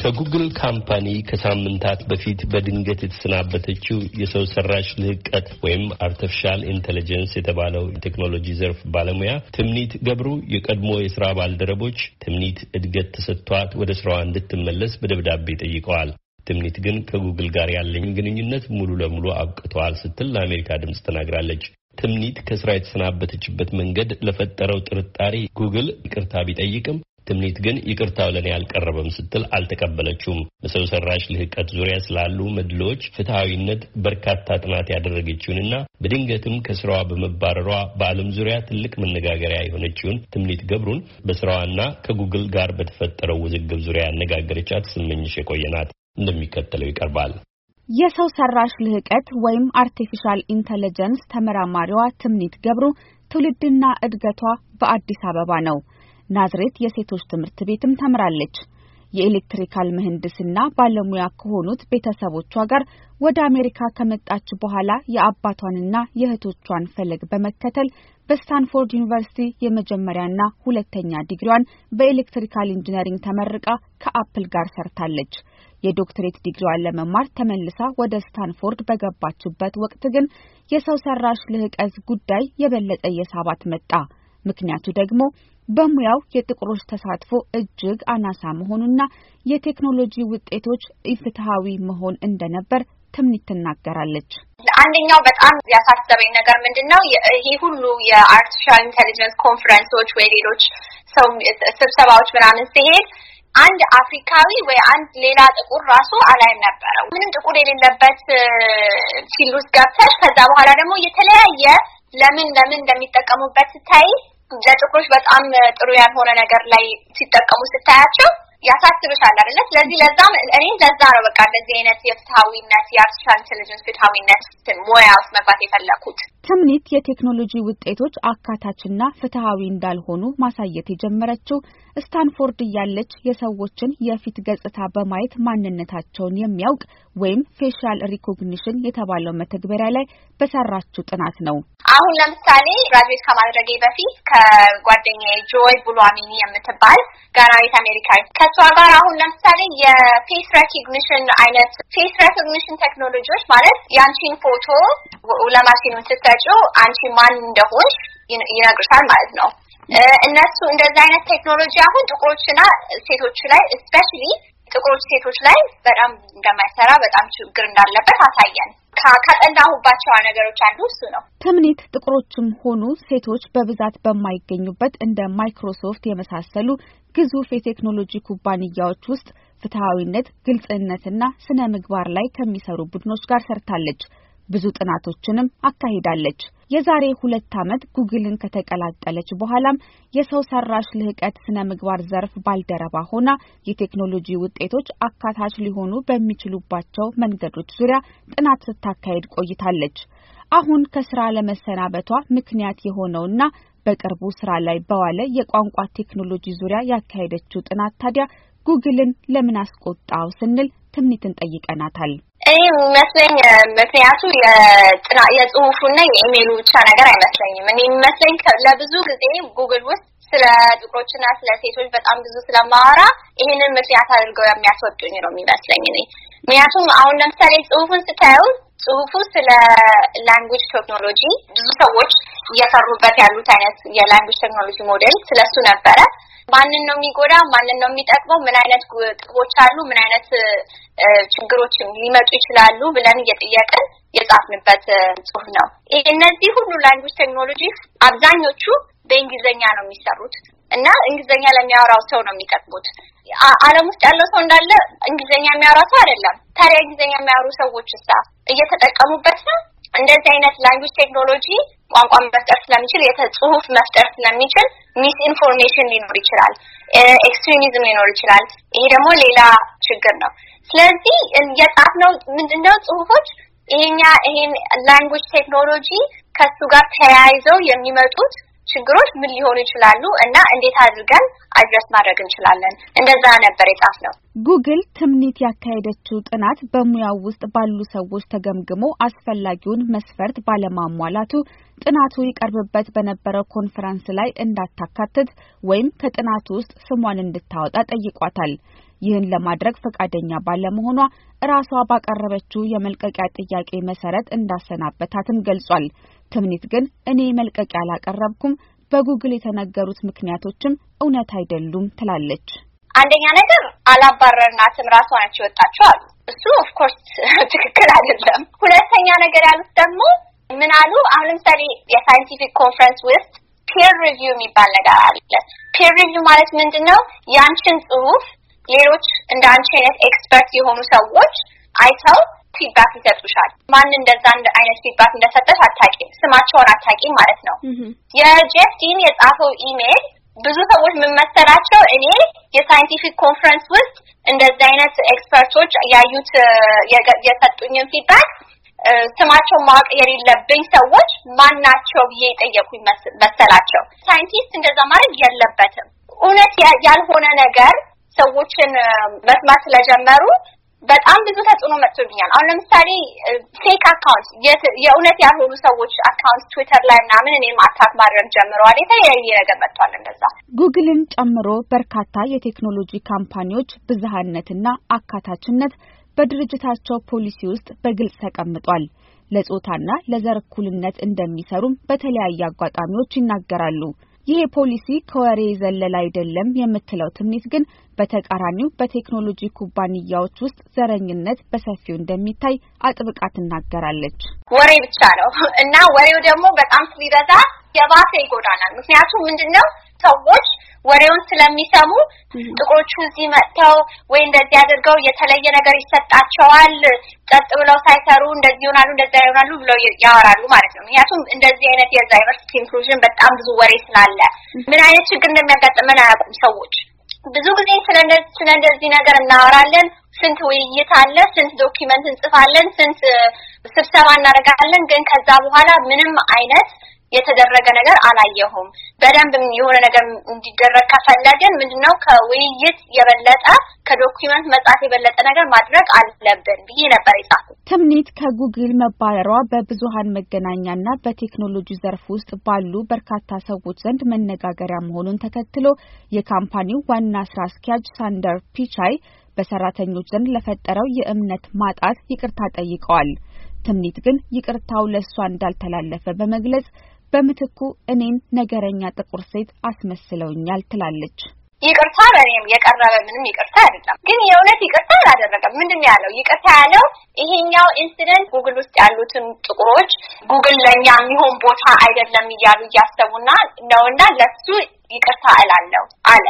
ከጉግል ካምፓኒ ከሳምንታት በፊት በድንገት የተሰናበተችው የሰው ሰራሽ ልህቀት ወይም አርቲፊሻል ኢንቴሊጀንስ የተባለው የቴክኖሎጂ ዘርፍ ባለሙያ ትምኒት ገብሩ የቀድሞ የስራ ባልደረቦች ትምኒት እድገት ተሰጥቷት ወደ ስራዋ እንድትመለስ በደብዳቤ ጠይቀዋል። ትምኒት ግን ከጉግል ጋር ያለኝ ግንኙነት ሙሉ ለሙሉ አብቅተዋል ስትል ለአሜሪካ ድምፅ ተናግራለች። ትምኒት ከስራ የተሰናበተችበት መንገድ ለፈጠረው ጥርጣሬ ጉግል ይቅርታ ቢጠይቅም ትምኒት ግን ይቅርታው ለእኔ አልቀረበም ስትል አልተቀበለችውም። በሰው ሰራሽ ልህቀት ዙሪያ ስላሉ መድሎዎች ፍትሐዊነት በርካታ ጥናት ያደረገችውንና በድንገትም ከስራዋ በመባረሯ በዓለም ዙሪያ ትልቅ መነጋገሪያ የሆነችውን ትምኒት ገብሩን በስራዋና ከጉግል ጋር በተፈጠረው ውዝግብ ዙሪያ ያነጋገረቻት ስመኝሽ የቆየናት እንደሚከተለው ይቀርባል። የሰው ሰራሽ ልህቀት ወይም አርቲፊሻል ኢንተለጀንስ ተመራማሪዋ ትምኒት ገብሩ ትውልድና እድገቷ በአዲስ አበባ ነው። ናዝሬት የሴቶች ትምህርት ቤትም ተምራለች። የኤሌክትሪካል ምህንድስና ባለሙያ ከሆኑት ቤተሰቦቿ ጋር ወደ አሜሪካ ከመጣች በኋላ የአባቷንና የእህቶቿን ፈለግ በመከተል በስታንፎርድ ዩኒቨርሲቲ የመጀመሪያና ሁለተኛ ዲግሪዋን በኤሌክትሪካል ኢንጂነሪንግ ተመርቃ ከአፕል ጋር ሰርታለች። የዶክትሬት ዲግሪዋን ለመማር ተመልሳ ወደ ስታንፎርድ በገባችበት ወቅት ግን የሰው ሰራሽ ልህቀት ጉዳይ የበለጠ የሳባት መጣ። ምክንያቱ ደግሞ በሙያው የጥቁሮች ተሳትፎ እጅግ አናሳ መሆኑና የቴክኖሎጂ ውጤቶች ኢፍትሐዊ መሆን እንደነበር ትምኒት ትናገራለች። አንደኛው በጣም ያሳሰበኝ ነገር ምንድን ነው? ይህ ሁሉ የአርቲፊሻል ኢንቴሊጀንስ ኮንፈረንሶች ወይ ሌሎች ሰው ስብሰባዎች ምናምን ሲሄድ አንድ አፍሪካዊ ወይ አንድ ሌላ ጥቁር ራሱ አላይም ነበረ። ምንም ጥቁር የሌለበት ፊልድ ውስጥ ገብተሽ ከዛ በኋላ ደግሞ የተለያየ ለምን ለምን እንደሚጠቀሙበት ስታይ ለጥቁሮች በጣም ጥሩ ያልሆነ ነገር ላይ ሲጠቀሙ ስታያቸው ያሳስብሻል አይደለ? ስለዚህ ለዛም እኔም ለዛ ነው በቃ እንደዚህ አይነት የፍትሐዊነት የአርቲፊሻል ኢንቴሊጀንስ ፍትሐዊነት ሞያ ውስጥ መግባት የፈለኩት። ሰምኒት የቴክኖሎጂ ውጤቶች አካታችና ፍትሃዊ እንዳልሆኑ ማሳየት የጀመረችው ስታንፎርድ እያለች የሰዎችን የፊት ገጽታ በማየት ማንነታቸውን የሚያውቅ ወይም ፌሻል ሪኮግኒሽን የተባለው መተግበሪያ ላይ በሰራችው ጥናት ነው። አሁን ለምሳሌ ግራጁዌት ከማድረጌ በፊት ከጓደኛዬ ጆይ ብሎ አሚኒ የምትባል ጋራዊት አሜሪካ ከእሷ ጋር አሁን ለምሳሌ የፌስ ሬኮግኒሽን አይነት ፌስ ሬኮግኒሽን ቴክኖሎጂዎች ማለት ያንቺን ፎቶ ለማሽኑ ስትሰጪ ስትገልጪው አንቺ ማን እንደሆንሽ ይነግርሻል ማለት ነው። እነሱ እንደዛ አይነት ቴክኖሎጂ አሁን ጥቁሮችና ሴቶች ላይ ስፔሻሊ ጥቁሮች ሴቶች ላይ በጣም እንደማይሰራ በጣም ችግር እንዳለበት አሳየን። ከጠናሁባቸው ነገሮች አንዱ እሱ ነው። ትምኒት ጥቁሮችም ሆኑ ሴቶች በብዛት በማይገኙበት እንደ ማይክሮሶፍት የመሳሰሉ ግዙፍ የቴክኖሎጂ ኩባንያዎች ውስጥ ፍትሐዊነት፣ ግልጽነትና ስነ ምግባር ላይ ከሚሰሩ ቡድኖች ጋር ሰርታለች። ብዙ ጥናቶችንም አካሂዳለች። የዛሬ ሁለት ዓመት ጉግልን ከተቀላቀለች በኋላም የሰው ሰራሽ ልህቀት ስነ ምግባር ዘርፍ ባልደረባ ሆና የቴክኖሎጂ ውጤቶች አካታች ሊሆኑ በሚችሉባቸው መንገዶች ዙሪያ ጥናት ስታካሄድ ቆይታለች። አሁን ከስራ ለመሰናበቷ ምክንያት የሆነውና በቅርቡ ስራ ላይ በዋለ የቋንቋ ቴክኖሎጂ ዙሪያ ያካሄደችው ጥናት ታዲያ ጉግልን ለምን አስቆጣው ስንል ትምኒትን ጠይቀናታል። እኔ የሚመስለኝ ምክንያቱ የጽሁፉና የኢሜይሉ ብቻ ነገር አይመስለኝም። እኔ የሚመስለኝ ለብዙ ጊዜ ጉግል ውስጥ ስለ ጥቁሮችና ስለ ሴቶች በጣም ብዙ ስለማወራ ይሄንን ምክንያት አድርገው የሚያስወጡኝ ነው የሚመስለኝ እኔ ምክንያቱም አሁን ለምሳሌ ጽሁፉን ስታዩት ጽሁፉ ስለ ላንጉጅ ቴክኖሎጂ ብዙ ሰዎች እየሰሩበት ያሉት አይነት የላንጉጅ ቴክኖሎጂ ሞዴል ስለሱ ነበረ። ማንን ነው የሚጎዳ? ማንን ነው የሚጠቅመው? ምን አይነት ጥቅሞች አሉ? ምን አይነት ችግሮች ሊመጡ ይችላሉ? ብለን እየጠየቅን የጻፍንበት ጽሁፍ ነው። እነዚህ ሁሉ ላንጉጅ ቴክኖሎጂ አብዛኞቹ በእንግሊዝኛ ነው የሚሰሩት እና እንግሊዝኛ ለሚያወራው ሰው ነው የሚጠቅሙት። ዓለም ውስጥ ያለው ሰው እንዳለ እንግሊዝኛ የሚያወራ ሰው አይደለም። ታዲያ እንግሊዝኛ የሚያወሩ ሰዎች እሳ እየተጠቀሙበት ነው። እንደዚህ አይነት ላንጉጅ ቴክኖሎጂ ቋንቋ መፍጠር ስለሚችል የተጽሁፍ መፍጠር ስለሚችል ሚስ ኢንፎርሜሽን ሊኖር ይችላል፣ ኤክስትሪሚዝም ሊኖር ይችላል። ይሄ ደግሞ ሌላ ችግር ነው። ስለዚህ ነው ምንድነው ጽሁፎች ይሄኛ ይሄን ላንጉጅ ቴክኖሎጂ ከሱ ጋር ተያይዘው የሚመጡት ችግሮች ምን ሊሆኑ ይችላሉ እና እንዴት አድርገን አድረስ ማድረግ እንችላለን። እንደዛ ነበር የጻፍ ነው። ጉግል ትምኒት ያካሄደችው ጥናት በሙያው ውስጥ ባሉ ሰዎች ተገምግሞ አስፈላጊውን መስፈርት ባለማሟላቱ ጥናቱ ይቀርብበት በነበረው ኮንፈረንስ ላይ እንዳታካትት ወይም ከጥናቱ ውስጥ ስሟን እንድታወጣ ጠይቋታል። ይህን ለማድረግ ፈቃደኛ ባለመሆኗ ራሷ ባቀረበችው የመልቀቂያ ጥያቄ መሰረት እንዳሰናበታትም ገልጿል። ትምኒት ግን እኔ መልቀቂያ አላቀረብኩም፣ በጉግል የተነገሩት ምክንያቶችም እውነት አይደሉም ትላለች። አንደኛ ነገር አላባረርናትም፣ ራሷ ነች የወጣችው አሉ። እሱ ኦፍኮርስ ትክክል አይደለም። ሁለተኛ ነገር ያሉት ደግሞ ምን አሉ? አሁን ለምሳሌ የሳይንቲፊክ ኮንፈረንስ ውስጥ ፒር ሪቪው የሚባል ነገር አለ። ፒር ሪቪው ማለት ምንድን ነው? ያንችን ጽሁፍ ሌሎች እንደ አንቺ አይነት ኤክስፐርት የሆኑ ሰዎች አይተው ፊድባክ ይሰጡሻል። ማን እንደዛ አይነት ፊድባክ እንደሰጠሽ አታቂም፣ ስማቸውን አታቂም ማለት ነው። የጄፍ ዲን የጻፈው ኢሜይል ብዙ ሰዎች የምመሰላቸው እኔ የሳይንቲፊክ ኮንፈረንስ ውስጥ እንደዚህ አይነት ኤክስፐርቶች ያዩት የሰጡኝን ፊድባክ ስማቸው ማወቅ የሌለብኝ ሰዎች ማናቸው ብዬ የጠየቁኝ መሰላቸው። ሳይንቲስት እንደዛ ማድረግ የለበትም። እውነት ያልሆነ ነገር ሰዎችን መስማት ስለጀመሩ በጣም ብዙ ተጽዕኖ መጥቶብኛል። አሁን ለምሳሌ ፌክ አካውንት፣ የእውነት ያልሆኑ ሰዎች አካውንት ትዊተር ላይ ምናምን እኔም አታክ ማድረግ ጀምረዋል። የተለያየ ነገር መጥቷል። እንደዛ ጉግልን ጨምሮ በርካታ የቴክኖሎጂ ካምፓኒዎች ብዝሃነትና አካታችነት በድርጅታቸው ፖሊሲ ውስጥ በግልጽ ተቀምጧል። ለጾታና ለዘር እኩልነት እንደሚሰሩም በተለያየ አጋጣሚዎች ይናገራሉ። ይህ ፖሊሲ ከወሬ ዘለል አይደለም የምትለው ትምኒት ግን በተቃራኒው በቴክኖሎጂ ኩባንያዎች ውስጥ ዘረኝነት በሰፊው እንደሚታይ አጥብቃ ትናገራለች። ወሬ ብቻ ነው እና ወሬው ደግሞ በጣም ሲበዛ የባሰ ይጎዳናል። ምክንያቱም ነው ሰዎች ወሬውን ስለሚሰሙ ጥቁሮቹ እዚህ መጥተው ወይ እንደዚህ አድርገው የተለየ ነገር ይሰጣቸዋል፣ ጸጥ ብለው ሳይሰሩ እንደዚህ ይሆናሉ፣ እንደዚያ ይሆናሉ ብለው ያወራሉ ማለት ነው። ምክንያቱም እንደዚህ አይነት የዳይቨርሲቲ ኢንክሉዥን በጣም ብዙ ወሬ ስላለ ምን አይነት ችግር እንደሚያጋጥመን አያውቁም ሰዎች። ብዙ ጊዜ ስለ እንደዚህ ነገር እናወራለን። ስንት ውይይት አለ፣ ስንት ዶኪመንት እንጽፋለን፣ ስንት ስብሰባ እናደርጋለን። ግን ከዛ በኋላ ምንም አይነት የተደረገ ነገር አላየሁም። በደንብ የሆነ ነገር እንዲደረግ ከፈለግን ምንድነው ከውይይት የበለጠ ከዶክመንት መጻፍ የበለጠ ነገር ማድረግ አለብን ብዬ ነበር የጻፍኩት። ትምኒት ከጉግል መባረሯ በብዙሀን መገናኛና በቴክኖሎጂ ዘርፍ ውስጥ ባሉ በርካታ ሰዎች ዘንድ መነጋገሪያ መሆኑን ተከትሎ የካምፓኒው ዋና ስራ አስኪያጅ ሳንደር ፒቻይ በሰራተኞች ዘንድ ለፈጠረው የእምነት ማጣት ይቅርታ ጠይቀዋል። ትምኒት ግን ይቅርታው ለእሷ እንዳልተላለፈ በመግለጽ በምትኩ እኔን ነገረኛ ጥቁር ሴት አስመስለውኛል ትላለች። ይቅርታ በእኔም የቀረበ ምንም ይቅርታ አይደለም፣ ግን የእውነት ይቅርታ አላደረገም። ምንድን ያለው? ይቅርታ ያለው ይሄኛው ኢንሲደንት ጉግል ውስጥ ያሉትን ጥቁሮች ጉግል ለእኛ የሚሆን ቦታ አይደለም እያሉ እያሰቡና ነውና ለሱ ይቅርታ እላለሁ አለ።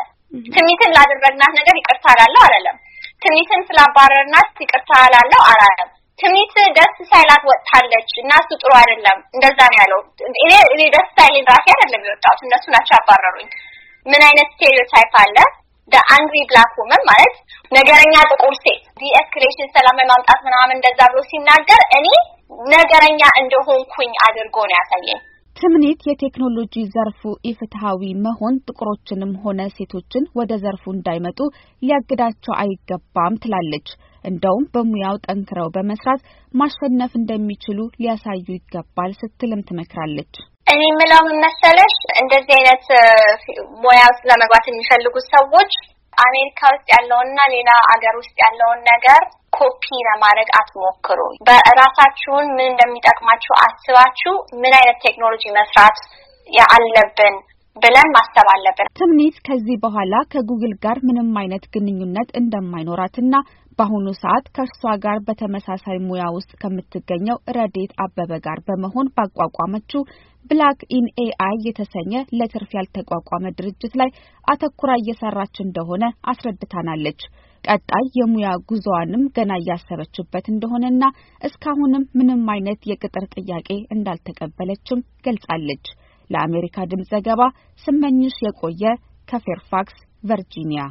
ትሚትን ላደረግናት ነገር ይቅርታ እላለሁ አላለም። ትሚትን ስላባረርናት ይቅርታ እላለሁ አላለም። ትሚት ደስ ሳይላት ወጥታለች እና እሱ ጥሩ አይደለም እንደዛ ነው ያለው። እኔ እኔ ደስ ሳይልኝ ራሴ አይደለም የወጣሁት እነሱ ናቸው ያባረሩኝ። ምን አይነት ስቴሪዮታይፕ አለ? ደ አንግሪ ብላክ ውመን ማለት ነገረኛ ጥቁር ሴት ዲኤስክሌሽን ሰላም ማምጣት ምናምን እንደዛ ብሎ ሲናገር እኔ ነገረኛ እንደሆንኩኝ አድርጎ ነው ያሳየኝ። ትምኒት የቴክኖሎጂ ዘርፉ ኢፍትሐዊ መሆን ጥቁሮችንም ሆነ ሴቶችን ወደ ዘርፉ እንዳይመጡ ሊያግዳቸው አይገባም ትላለች። እንደውም በሙያው ጠንክረው በመስራት ማሸነፍ እንደሚችሉ ሊያሳዩ ይገባል ስትልም ትመክራለች። እኔ የምለው ምን መሰለሽ፣ እንደዚህ አይነት ሙያ ውስጥ ለመግባት የሚፈልጉት ሰዎች አሜሪካ ውስጥ ያለውና ሌላ አገር ውስጥ ያለውን ነገር ኮፒ ለማድረግ አትሞክሩ። በራሳችሁን ምን እንደሚጠቅማችሁ አስባችሁ ምን አይነት ቴክኖሎጂ መስራት አለብን ብለን ማሰብ አለብን። ትምኒት ከዚህ በኋላ ከጉግል ጋር ምንም አይነት ግንኙነት እንደማይኖራትና በአሁኑ ሰዓት ከእርሷ ጋር በተመሳሳይ ሙያ ውስጥ ከምትገኘው ረዴት አበበ ጋር በመሆን ባቋቋመችው ብላክ ኢን ኤአይ የተሰኘ ለትርፍ ያልተቋቋመ ድርጅት ላይ አተኩራ እየሰራች እንደሆነ አስረድታናለች። ቀጣይ የሙያ ጉዞዋንም ገና እያሰበችበት እንደሆነና እስካሁንም ምንም አይነት የቅጥር ጥያቄ እንዳልተቀበለችም ገልጻለች። ለአሜሪካ ድምፅ ዘገባ ስመኝሽ የቆየ ከፌርፋክስ ቨርጂኒያ።